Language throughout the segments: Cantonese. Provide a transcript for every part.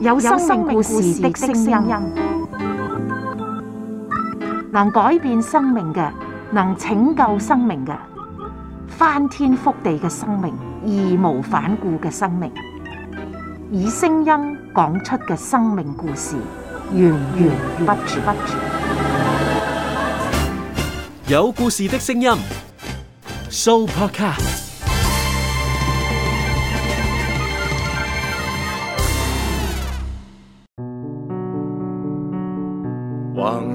有生命故事的聲音，能改變生命嘅，能拯救生命嘅，翻天覆地嘅生命，義無反顧嘅生命，以聲音講出嘅生命故事，源源不絕。有故事的聲音，Soupercast。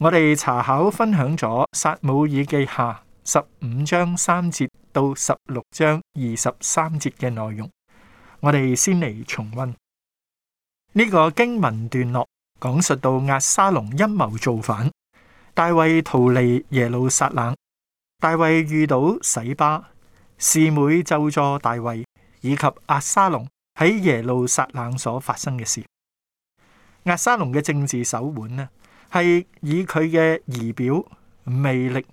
我哋查考分享咗《撒母耳記下》十五章三節到十六章二十三節嘅內容，我哋先嚟重溫呢、這個經文段落，講述到押沙龍陰謀造反，大衛逃離耶路撒冷，大衛遇到洗巴，示每咒詛大衛以及押沙龍喺耶路撒冷所發生嘅事。押沙龍嘅政治手腕呢？係以佢嘅儀表、魅力、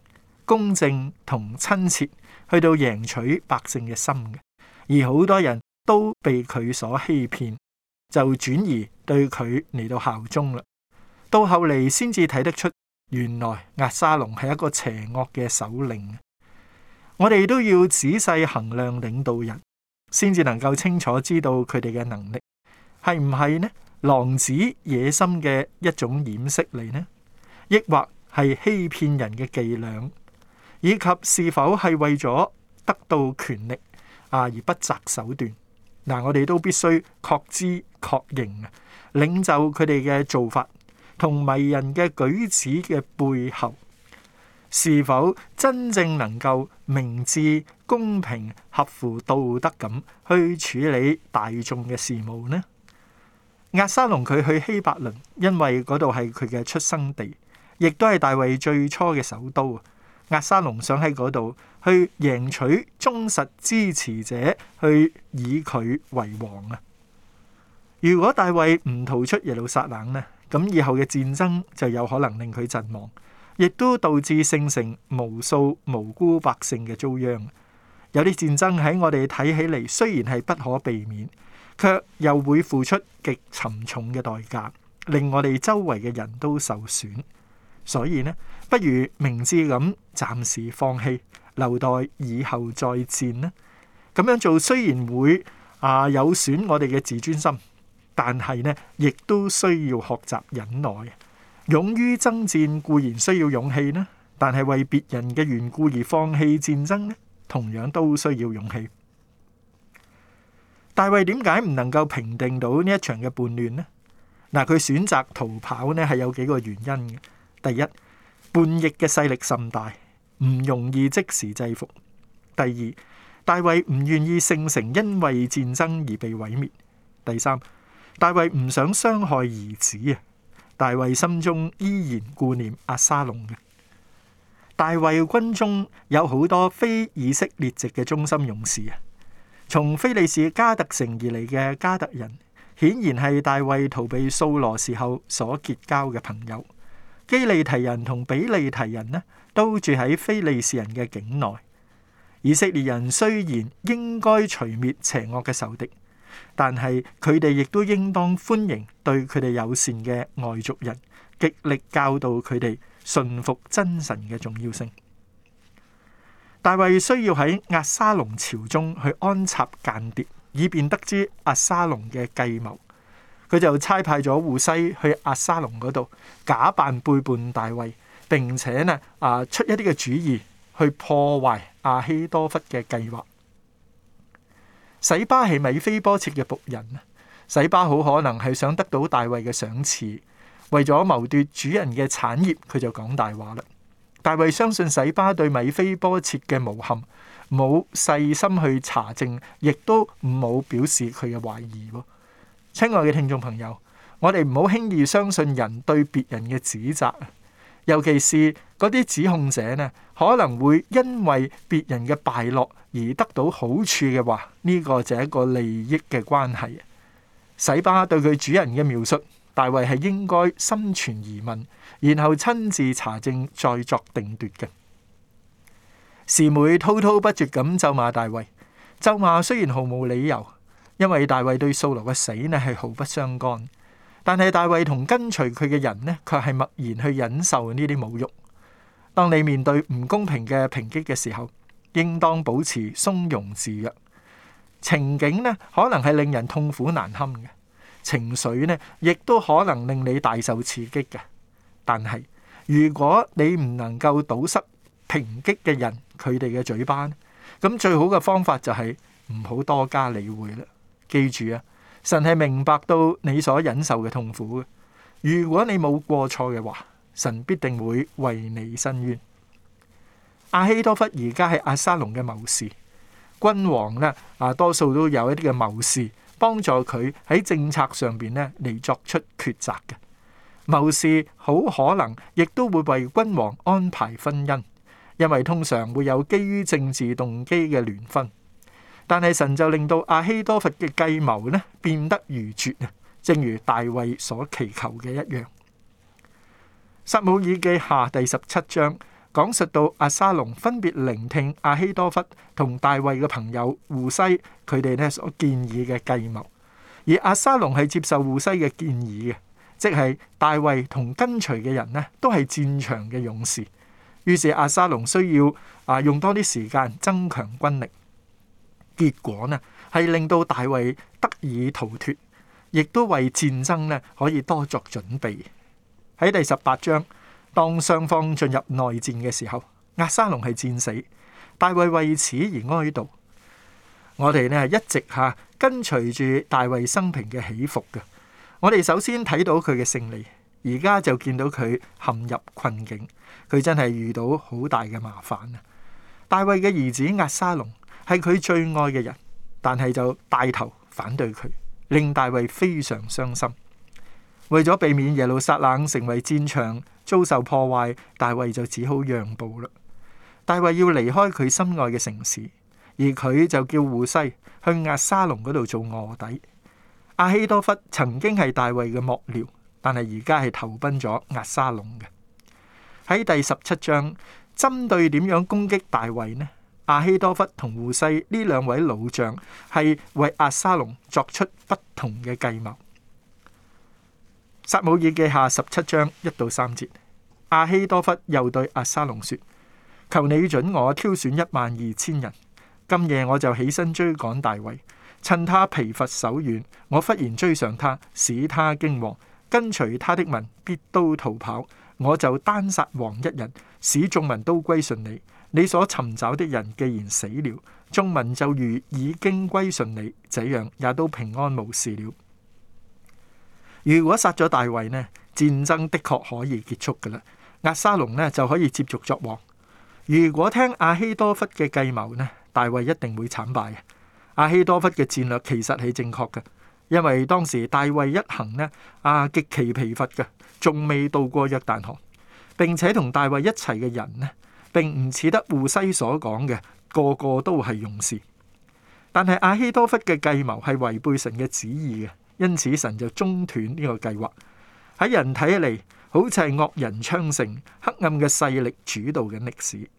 公正同親切，去到贏取百姓嘅心嘅，而好多人都被佢所欺騙，就轉移對佢嚟到效忠啦。到後嚟先至睇得出，原來押沙龍係一個邪惡嘅首領。我哋都要仔細衡量領導人，先至能夠清楚知道佢哋嘅能力，係唔係呢？狼子野心嘅一種掩飾嚟呢？抑或係欺騙人嘅伎倆？以及是否係為咗得到權力啊而不擇手段？嗱，我哋都必須確知、確認啊，領袖佢哋嘅做法同迷人嘅舉止嘅背後，是否真正能夠明智、公平、合乎道德咁去處理大眾嘅事務呢？押沙龍佢去希伯崙，因為嗰度係佢嘅出生地，亦都係大衛最初嘅首都啊！押沙龍想喺嗰度去贏取忠實支持者，去以佢為王啊！如果大衛唔逃出耶路撒冷呢，咁以後嘅戰爭就有可能令佢陣亡，亦都導致聖城無數無辜百姓嘅遭殃。有啲戰爭喺我哋睇起嚟，雖然係不可避免。卻又會付出極沉重嘅代價，令我哋周圍嘅人都受損。所以呢，不如明智咁暫時放棄，留待以後再戰呢？咁樣做雖然會啊有損我哋嘅自尊心，但係呢亦都需要學習忍耐。勇於爭戰固然需要勇氣呢，但係為別人嘅緣故而放棄戰爭呢，同樣都需要勇氣。大衛點解唔能夠平定到呢一場嘅叛亂呢？嗱，佢選擇逃跑呢係有幾個原因嘅。第一，叛逆嘅勢力甚大，唔容易即時制服；第二，大衛唔願意聖城因為戰爭而被毀滅；第三，大衛唔想傷害兒子啊。大衛心中依然顧念阿沙龍嘅。大衛軍中有好多非以色列籍嘅忠心勇士啊。從非利士加特城而嚟嘅加特人，顯然係大衛逃避掃羅時候所結交嘅朋友。基利提人同比利提人呢，都住喺非利士人嘅境內。以色列人雖然應該除滅邪惡嘅仇敵，但係佢哋亦都應當歡迎對佢哋友善嘅外族人，極力教導佢哋順服真神嘅重要性。大衛需要喺阿沙龍朝中去安插間諜，以便得知阿沙龍嘅計謀。佢就差派咗胡西去阿沙龍嗰度，假扮背叛大衛，並且呢啊出一啲嘅主意去破壞阿希多弗嘅計劃。洗巴係米非波切嘅僕人，洗巴好可能係想得到大衛嘅賞賜，為咗謀奪主人嘅產業，佢就講大話啦。大衛相信洗巴對米非波設嘅誣陷，冇細心去查證，亦都冇表示佢嘅懷疑。親愛嘅聽眾朋友，我哋唔好輕易相信人對別人嘅指責，尤其是嗰啲指控者呢，可能會因為別人嘅敗落而得到好處嘅話，呢個就係一個利益嘅關係。洗巴對佢主人嘅描述，大衛係應該心存疑問，然後親自查證再作定奪嘅。示每滔滔不絕咁咒罵大衛，咒罵雖然毫無理由，因為大衛對掃羅嘅死呢係毫不相干，但係大衛同跟隨佢嘅人呢，卻係默然去忍受呢啲侮辱。當你面對唔公平嘅抨擊嘅時候，應當保持從容自若。情景呢，可能係令人痛苦難堪嘅。情緒呢，亦都可能令你大受刺激嘅。但係如果你唔能夠堵塞抨擊嘅人，佢哋嘅嘴巴，咁最好嘅方法就係唔好多加理會啦。記住啊，神係明白到你所忍受嘅痛苦嘅。如果你冇過錯嘅話，神必定會為你伸冤。阿希多弗而家係阿薩龍嘅謀士，君王呢，啊，多數都有一啲嘅謀士。幫助佢喺政策上邊咧嚟，作出抉擇嘅。謀士好可能亦都會為君王安排婚姻，因為通常會有基於政治動機嘅聯婚。但係神就令到亞希多弗嘅計謀呢，變得如絕，正如大衛所祈求嘅一樣。撒母耳記下第十七章，講述到阿沙龍分別聆聽阿希多弗同大衛嘅朋友胡西佢哋所建議嘅計謀，而阿沙龍係接受胡西嘅建議嘅，即係大衛同跟隨嘅人呢都係戰場嘅勇士。於是阿沙龍需要啊用多啲時間增強軍力，結果呢係令到大衛得以逃脫，亦都為戰爭呢可以多作準備。喺第十八章。當雙方進入內戰嘅時候，押沙龍係戰死，大衛為此而哀悼。我哋呢一直吓、啊、跟隨住大衛生平嘅起伏嘅。我哋首先睇到佢嘅勝利，而家就見到佢陷入困境，佢真係遇到好大嘅麻煩啊！大衛嘅兒子押沙龍係佢最愛嘅人，但係就帶頭反對佢，令大衛非常傷心。為咗避免耶路撒冷成為戰場遭受破壞，大衛就只好讓步啦。大衛要離開佢心愛嘅城市，而佢就叫戶西去押沙龍嗰度做臥底。亞希多弗曾經係大衛嘅幕僚，但係而家係投奔咗押沙龍嘅。喺第十七章，針對點樣攻擊大衛呢？亞希多弗同戶西呢兩位老將係為押沙龍作出不同嘅計謀。撒母耳記下十七章一到三節，亞希多弗又對阿撒龍說：求你准我挑選一萬二千人，今夜我就起身追趕大衛，趁他疲乏手軟，我忽然追上他，使他驚惶，跟隨他的民必都逃跑，我就單殺王一人，使眾民都歸順你。你所尋找的人既然死了，眾民就如已經歸順你，這樣也都平安無事了。如果殺咗大衛呢，戰爭的確可以結束㗎喇，押沙龍呢就可以接續作王。如果聽亞希多弗嘅計謀呢，大衛一定會慘敗嘅。亞希多弗嘅戰略其實係正確嘅，因為當時大衛一行呢，啊極其疲乏嘅，仲未到過約旦河，並且同大衛一齊嘅人呢，並唔似得胡西所講嘅個個都係勇士。但係亞希多弗嘅計謀係違背神嘅旨意嘅。因此，神就中斷呢個計劃。喺人睇嚟，好似係惡人昌盛、黑暗嘅勢力主導嘅歷史。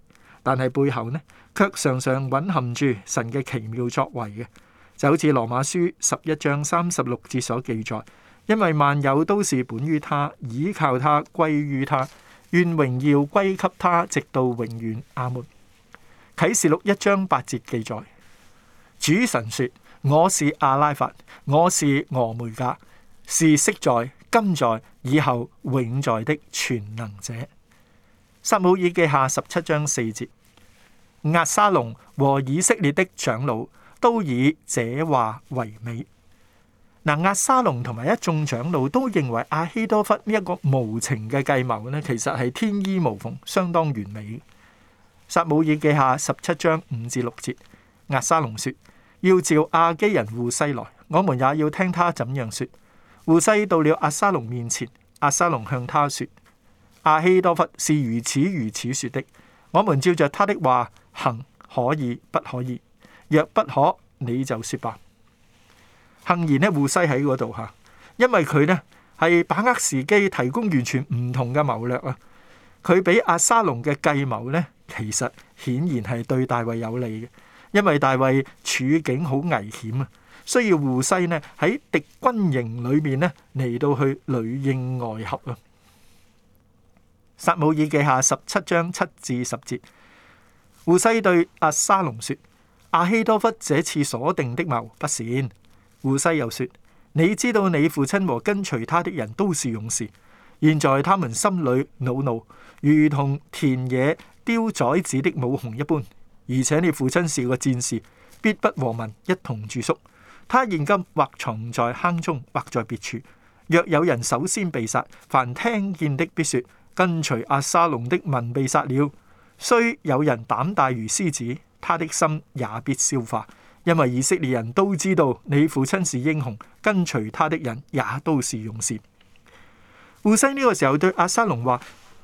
但係背後呢，卻常常蘊含住神嘅奇妙作為嘅。就好似羅馬書十一章三十六節所記載：因為萬有都是本於他，倚靠他，歸於他，願榮耀歸給他，直到永遠。阿門。啟示錄一章八節記載：主神說。我是阿拉法，我是俄梅格，是昔在、今在、以後永在的全能者。撒母耳記下十七章四節，押沙龍和以色列的長老都以這話為美。嗱，押沙龍同埋一眾長老都認為阿希多弗呢一個無情嘅計謀咧，其實係天衣無縫，相當完美。撒母耳記下十七章五至六節，押沙龍說。要召亞基人戶篩來，我們也要聽他怎樣說。戶篩到了押沙龍面前，押沙龍向他說：亞希多弗是如此如此說的。我們照着他的話行，可以不可以？若不可，你就說吧。幸而呢，戶篩喺嗰度吓，因為佢呢係把握時機，提供完全唔同嘅謀略啊。佢俾押沙龍嘅計謀呢，其實顯然係對大衛有利嘅。因為大衛處境好危險啊，需要戶篩呢喺敵軍營裏面呢嚟,到去裏應外合啊。撒母耳記下十七章七至十節，戶篩對押沙龍說：亞希多弗這次所定的謀不善。戶篩又說：你知道你父親和跟隨他的人都是勇士，現在他們心裏惱怒，如同田野丟崽子的母熊一般。而且你父親是個戰士，必不和民一同住宿。他現今或藏在坑中，或在別處。若有人首先被殺，凡聽見的必説：跟隨押沙龍的民被殺了。雖有人膽大如獅子，他的心也必消化，因為以色列人都知道你父親是英雄，跟隨他的人也都是勇士。戶篩呢個時候對押沙龍話：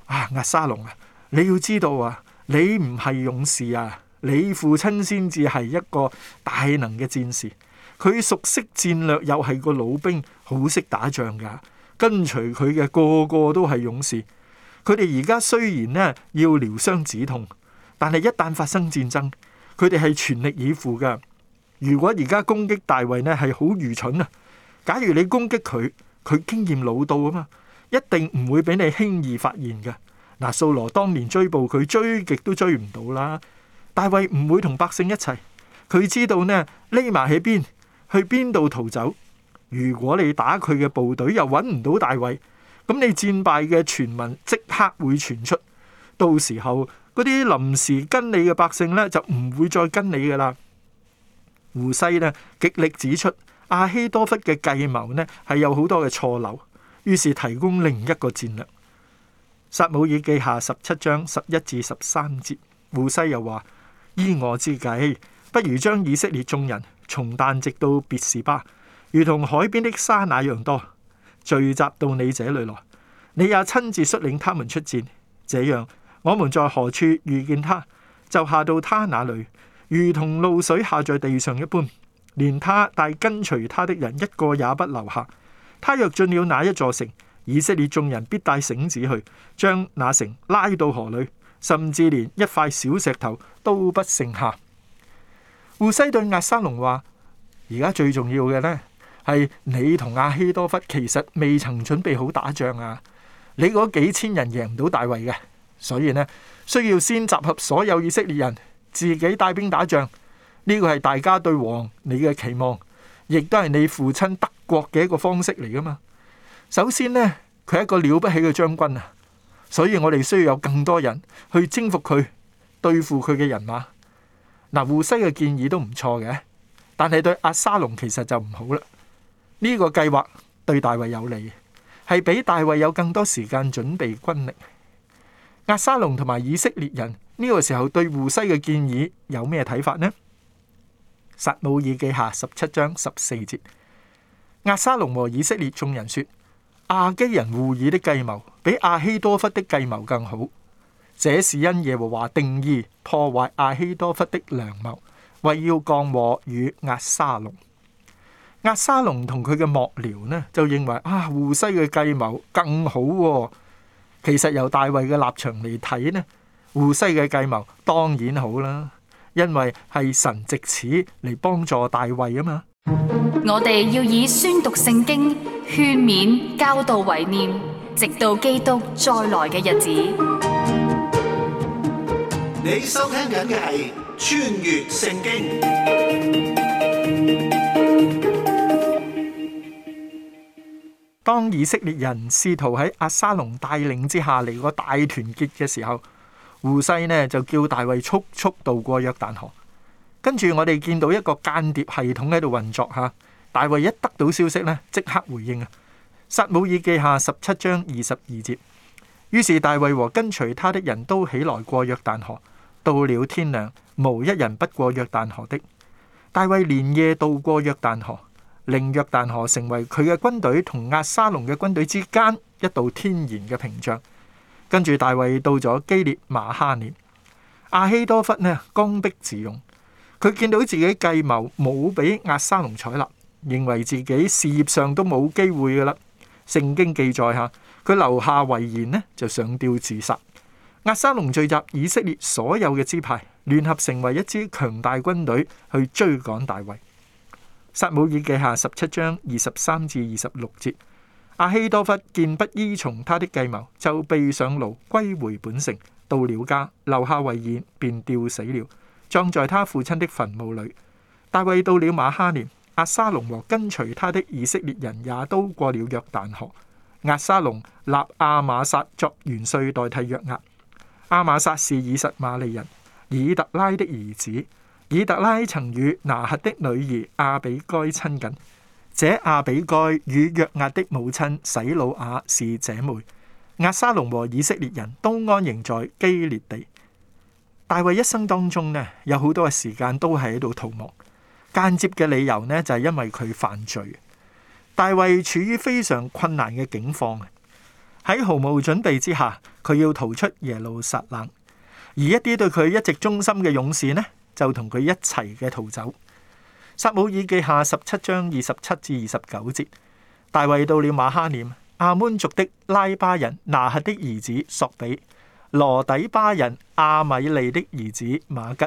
啊，押沙龍啊，你要知道啊，你唔係勇士啊！你父親先至係一個大能嘅戰士，佢熟悉戰略，又係個老兵，好識打仗㗎。跟隨佢嘅個，個個都係勇士。佢哋而家雖然呢要療傷止痛，但係一旦發生戰爭，佢哋係全力以赴㗎。如果而家攻擊大衛呢係好愚蠢啊！假如你攻擊佢，佢經驗老到啊嘛，一定唔會俾你輕易發現㗎。嗱，掃羅當年追捕佢追極都追唔到啦。大衛唔會同百姓一齊，佢知道呢匿埋喺邊，去邊度逃走。如果你打佢嘅部隊又揾唔到大衛，咁你戰敗嘅傳聞即刻會傳出，到時候嗰啲臨時跟你嘅百姓呢，就唔會再跟你噶啦。胡西呢極力指出亞希多弗嘅計謀呢係有好多嘅錯漏，於是提供另一個戰略。撒母耳記下十七章十一至十三節，胡西又話。依我之計，不如將以色列眾人從但直到別是巴，如同海邊的沙那樣多，聚集到你這裏來。你也親自率領他們出戰。這樣，我們在何處遇見他，就下到他那裏，如同露水下在地上一般。連他帶跟隨他的人一個也不留下。他若進了哪一座城，以色列眾人必帶繩子去，將那城拉到河裏。甚至連一塊小石頭都不剩下。烏西對亞沙龍話：而家最重要嘅呢，係你同亞希多弗其實未曾準備好打仗啊！你嗰幾千人贏唔到大衛嘅，所以呢，需要先集合所有以色列人，自己帶兵打仗。呢個係大家對王你嘅期望，亦都係你父親德國嘅一個方式嚟噶嘛。首先呢，佢係一個了不起嘅將軍啊！所以我哋需要有更多人去征服佢，對付佢嘅人馬。嗱，胡西嘅建議都唔錯嘅，但係對阿沙龍其實就唔好啦。呢個計劃對大衛有利，係俾大衛有更多時間準備軍力。阿沙龍同埋以色列人呢個時候對胡西嘅建議有咩睇法呢？撒母耳記下十七章十四節，阿沙龍和以色列眾人說。亞、啊、基人護爾的計謀比亞希多弗的計謀更好，這是因耶和華定義破壞亞希多弗的良謀，為要降禍與押沙龍。押沙龍同佢嘅幕僚呢就認為啊，胡西嘅計謀更好、啊。其實由大衛嘅立場嚟睇呢，胡西嘅計謀當然好啦，因為係神藉此嚟幫助大衛啊嘛。我哋要以宣讀聖經、勸勉、教導為念，直到基督再來嘅日子。你收聽緊嘅係穿越聖經。當以色列人試圖喺阿沙龍帶領之下嚟過大團結嘅時候，胡西呢就叫大衛速速渡過約旦河。跟住我哋見到一個間諜系統喺度運作吓。大衛一得到消息呢，即刻回應啊。撒母耳記下十七章二十二節。於是大衛和跟隨他的人都起來過約旦河。到了天亮，無一人不過約旦河的。大衛連夜渡過約旦河，令約旦河成為佢嘅軍隊同押沙龍嘅軍隊之間一道天然嘅屏障。跟住大衛到咗基列瑪哈念，亞希多弗呢，剛愎自用。佢見到自己計謀冇俾押沙龍採納，認為自己事業上都冇機會㗎喇。聖經記載下，佢留下遺言呢就上吊自殺。押沙龍聚集以色列所有嘅支派，聯合成為一支強大軍隊去追趕大衛。撒母耳記下十七章二十三至二十六節，亞希多弗見不依從他的計謀，就備上驢歸回本城，到了家，留下遺言，便吊死了。葬在他父親的墳墓裏。大衛到了瑪哈念，亞沙龍和跟隨他的以色列人也都過了約旦河。亞沙龍立亞瑪撒作元帥代替約押。亞瑪撒是以實瑪利人，以特拉的兒子。以特拉曾與拿轄的女兒亞比該親近，這亞比該與約押的母親洗魯雅是姐妹。亞沙龍和以色列人都安營在基列地。大衛一生當中咧，有好多嘅時間都係喺度逃亡，間接嘅理由呢，就係因為佢犯罪。大衛處於非常困難嘅境況，喺毫無準備之下，佢要逃出耶路撒冷，而一啲對佢一直忠心嘅勇士呢，就同佢一齊嘅逃走。撒母耳記下十七章二十七至二十九節，大衛到了馬哈念，亞捫族的拉巴人拿轄的兒子朔比。羅底巴人阿米利的兒子馬吉，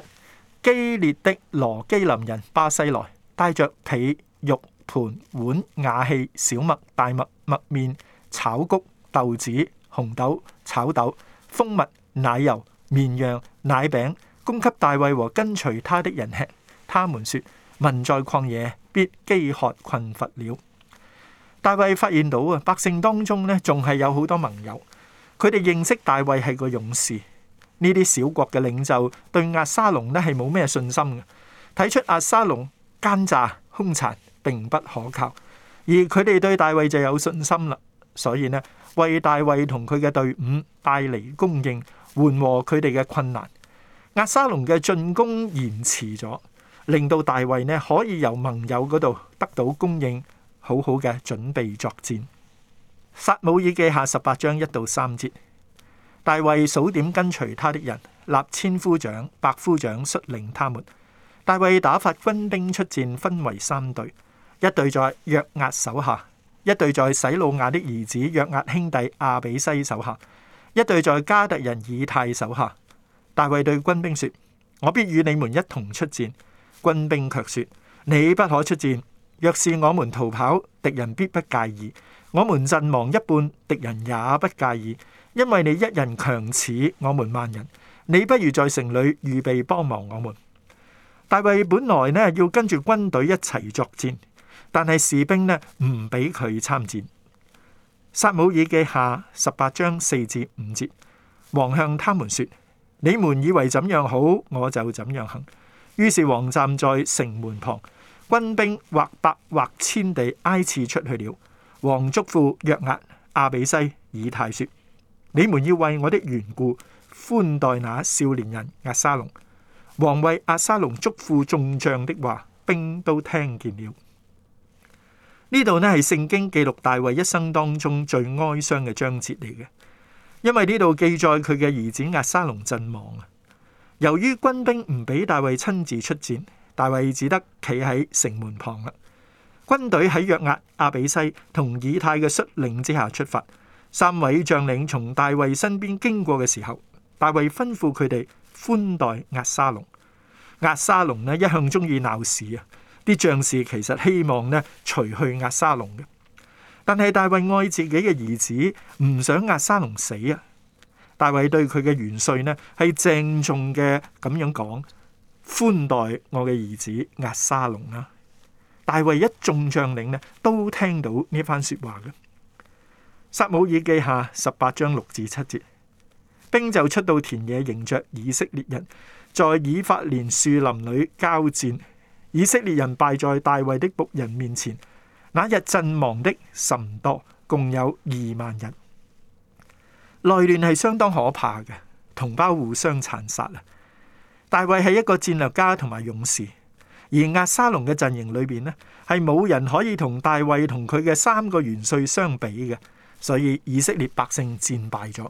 基列的羅基林人巴西來，帶着皮、肉、盤、碗、瓦器、小麥、大麥、麥麵、炒穀、豆子、紅豆、炒豆、蜂蜜、奶油、綿羊、奶餅，供給大衛和跟隨他的人吃。他們說：民在曠野必飢渴困乏了。大衛發現到啊，百姓當中咧，仲係有好多盟友。佢哋認識大衛係個勇士，呢啲小國嘅領袖對押沙龍呢係冇咩信心嘅，睇出押沙龍奸詐兇殘並不可靠，而佢哋對大衛就有信心啦。所以呢，為大衛同佢嘅隊伍帶嚟供應，緩和佢哋嘅困難。押沙龍嘅進攻延遲咗，令到大衛呢可以由盟友嗰度得到供應，好好嘅準備作戰。撒母耳記下十八章一到三節，大衛數點跟隨他的人，立千夫長、百夫長率領他們。大衛打發軍兵出戰，分為三隊：一隊在約押手下，一隊在洗魯雅的兒子約押兄弟亞比篩手下，一隊在迦特人以太手下。大衛對軍兵說：我必與你們一同出戰。軍兵卻說：你不可出戰，若是我們逃跑，敵人必不介意。我們陣亡一半，敵人也不介意，因為你一人強似我們萬人。你不如在城裏預備幫忙我們。大衛本來呢要跟住軍隊一齊作戰，但係士兵呢唔俾佢參戰。撒母耳記下十八章四至五節，王向他們說：你們以為怎樣好，我就怎樣行。於是王站在城門旁，軍兵或百或千地挨次出去了。王囑咐約押亞比篩以太說：你們要為我的緣故寬待那少年人押沙龍。王為押沙龍囑咐眾將的話，兵都聽見了。呢度呢係聖經記錄大衛一生當中最哀傷嘅章節嚟嘅，因為呢度記載佢嘅兒子押沙龍陣亡啊。由於軍兵唔俾大衛親自出戰，大衛只得企喺城門旁啦。軍隊喺約押、阿比西同以太嘅率領之下出發。三位將領從大衛身邊經過嘅時候，大衛吩咐佢哋寬待押沙龍。押沙龍呢一向中意鬧事啊，啲將士其實希望呢除去押沙龍嘅，但係大衛愛自己嘅兒子，唔想押沙龍死啊。大衛對佢嘅元帥呢係鄭重嘅咁樣講：寬待我嘅兒子押沙龍啦啊。大衛一眾將領咧，都聽到呢番說話嘅《撒母耳記下》十八章六至七節，兵就出到田野迎着以色列人，在以法蓮樹林裏交戰，以色列人敗在大衛的僕人面前，那日陣亡的甚多，共有二萬人。內亂係相當可怕嘅，同胞互相殘殺啊！大衛係一個戰略家同埋勇士。而押沙龍嘅陣營裏邊呢，係冇人可以同大衛同佢嘅三個元帥相比嘅，所以以色列百姓戰敗咗。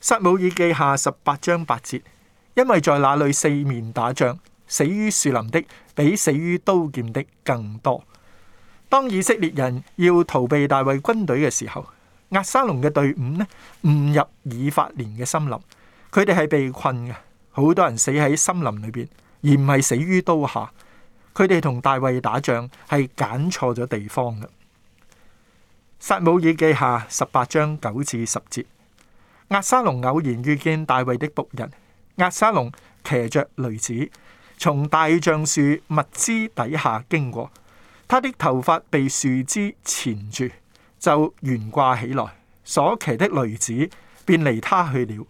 撒母耳記下十八章八節，因為在那裏四面打仗，死於樹林的比死於刀劍的更多。當以色列人要逃避大衛軍隊嘅時候，押沙龍嘅隊伍呢，誤入以法蓮嘅森林，佢哋係被困嘅，好多人死喺森林裏邊。而唔係死於刀下，佢哋同大衛打仗係揀錯咗地方嘅。撒母耳記下十八章九至十節，押沙龍偶然遇見大衛的僕人，押沙龍騎着騾子從大橡樹密枝底下經過，他的頭髮被樹枝纏住，就懸掛起來，所騎的騾子便離他去了。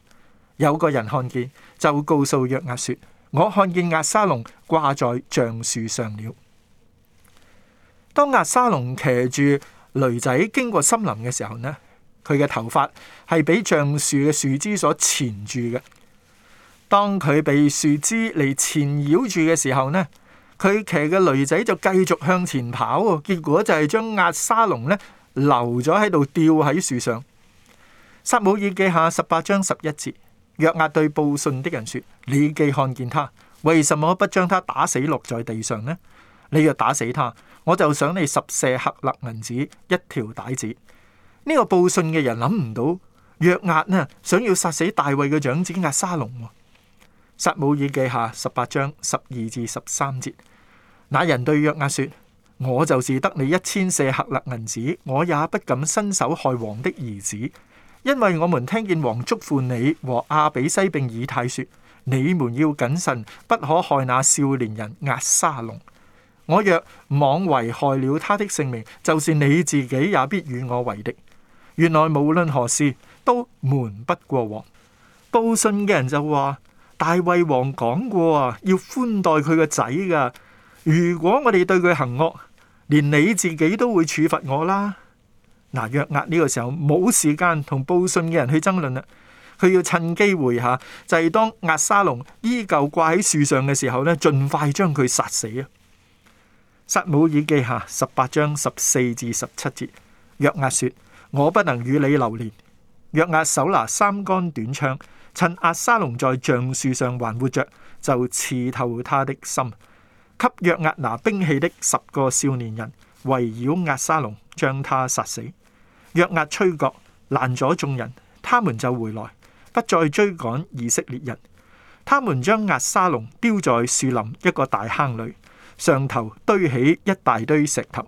有個人看見，就告訴約押說。我看見押沙龍掛在橡樹上了。當押沙龍騎住驢仔經過森林嘅時候呢，佢嘅頭髮係俾橡樹嘅樹枝所纏住嘅。當佢被樹枝嚟纏繞住嘅時候呢，佢騎嘅驢仔就繼續向前跑喎。結果就係將押沙龍呢留咗喺度吊喺樹上。撒母耳記下十八章十一節。約押對報信的人說：你既看見他，為什麼不將他打死落在地上呢？你若打死他，我就賞你十舍客勒銀子一條帶子。呢、這個報信嘅人諗唔到約押呢，想要殺死大衛嘅長子押沙龍。撒母耳記下十八章十二至十三節，那人對約押說：我就是得你一千舍客勒銀子，我也不敢伸手害王的兒子。因為我們聽見王囑咐你和亞比西並以太說：你們要謹慎，不可害那少年人押沙龍。我若妄為害了他的性命，就算、是、你自己也必與我為敵。原來無論何事，都瞞不過王。報信嘅人就話：大衛王講過啊，要寬待佢個仔噶。如果我哋對佢行惡，連你自己都會處罰我啦。嗱，約押呢個時候冇時間同報信嘅人去爭論啦，佢要趁機會吓，就係當押沙龍依舊掛喺樹上嘅時候呢，盡快將佢殺死啊！撒母耳記下十八章十四至十七節，約押說：我不能與你留連。約押手拿三桿短槍，趁押沙龍在橡樹上還活着，就刺透他的心。給約押拿兵器的十個少年人圍繞押沙龍，將他殺死。約押吹角攔咗眾人，他們就回來，不再追趕以色列人。他們將押沙龍丟在樹林一個大坑裏，上頭堆起一大堆石頭。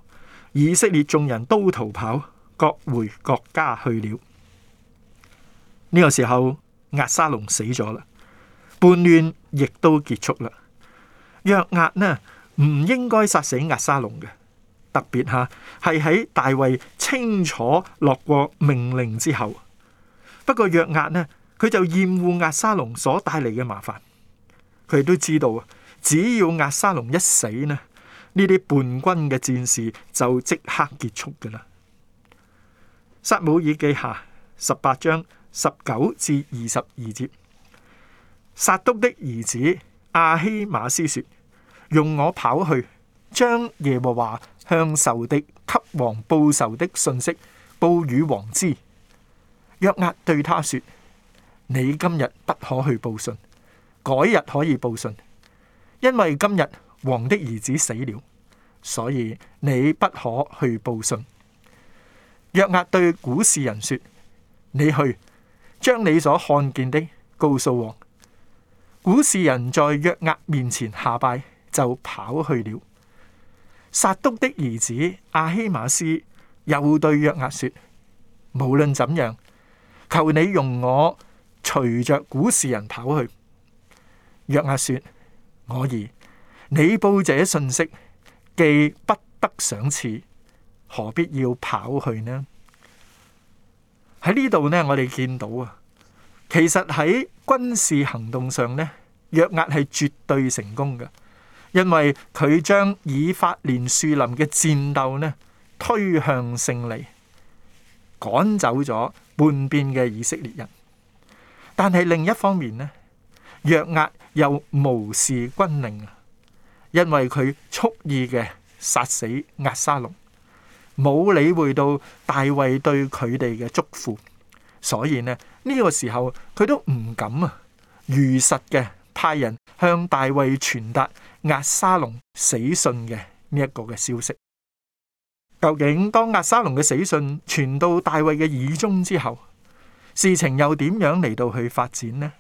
以色列眾人都逃跑，各回各家去了。呢個時候，押沙龍死咗啦，叛亂亦都結束啦。約押呢，唔應該殺死押沙龍嘅。特別吓，係喺大衛清楚落過命令之後，不過約押呢，佢就厭惡押沙龍所帶嚟嘅麻煩。佢都知道，只要押沙龍一死呢，呢啲叛軍嘅戰士就即刻結束噶啦。撒母耳記下十八章十九至二十二節，撒督的兒子亞希馬斯說：，用我跑去。將耶和華向仇敵給王報仇的信息報與王之。約押對他說：你今日不可去報信，改日可以報信，因為今日王的兒子死了，所以你不可去報信。約押對古示人說：你去將你所看見的告訴王。古示人在約押面前下拜，就跑去了。撒督的兒子阿希馬斯又對約押說：無論怎樣，求你容我隨着古事人跑去。約押說：我兒，你報這信息既不得賞賜，何必要跑去呢？喺呢度呢，我哋見到啊，其實喺軍事行動上呢，約押係絕對成功嘅。因為佢將以法蓮樹林嘅戰鬥呢，推向勝利，趕走咗叛變嘅以色列人。但係另一方面呢，約押又無視軍令，因為佢蓄意嘅殺死押沙龍，冇理會到大衛對佢哋嘅祝福。所以呢，呢個時候佢都唔敢啊，如實嘅。派人向大衛傳達押沙龍死訊嘅呢一個嘅消息，究竟當押沙龍嘅死訊傳到大衛嘅耳中之後，事情又點樣嚟到去發展呢？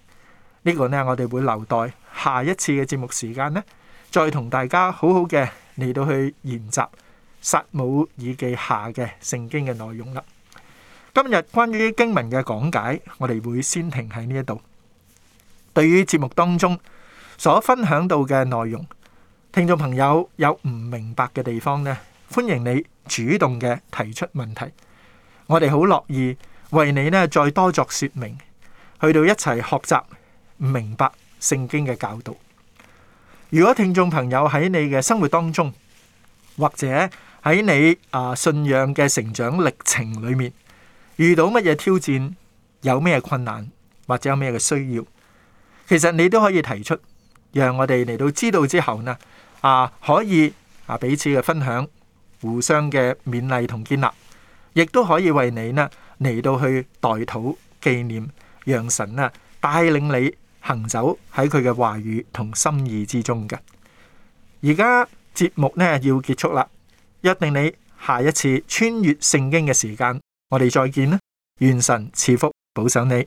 呢、呢個呢我哋會留待下一次嘅節目時間呢，再同大家好好嘅嚟到去研習撒母耳記下嘅聖經嘅內容啦。今日關於經文嘅講解，我哋會先停喺呢一度。對於節目當中所分享到嘅內容，聽眾朋友有唔明白嘅地方呢，歡迎你主動嘅提出問題。我哋好樂意為你呢再多作說明，去到一齊學習明白聖經嘅教導。如果聽眾朋友喺你嘅生活當中，或者喺你啊信仰嘅成長歷程裏面遇到乜嘢挑戰，有咩困難，或者有咩嘅需要？其實你都可以提出，讓我哋嚟到知道之後呢，啊可以啊彼此嘅分享，互相嘅勉勵同建立，亦都可以為你呢嚟到去代禱紀念，讓神呢帶領你行走喺佢嘅話語同心意之中嘅。而家節目呢要結束啦，約定你下一次穿越聖經嘅時間，我哋再見啦，願神賜福保守你。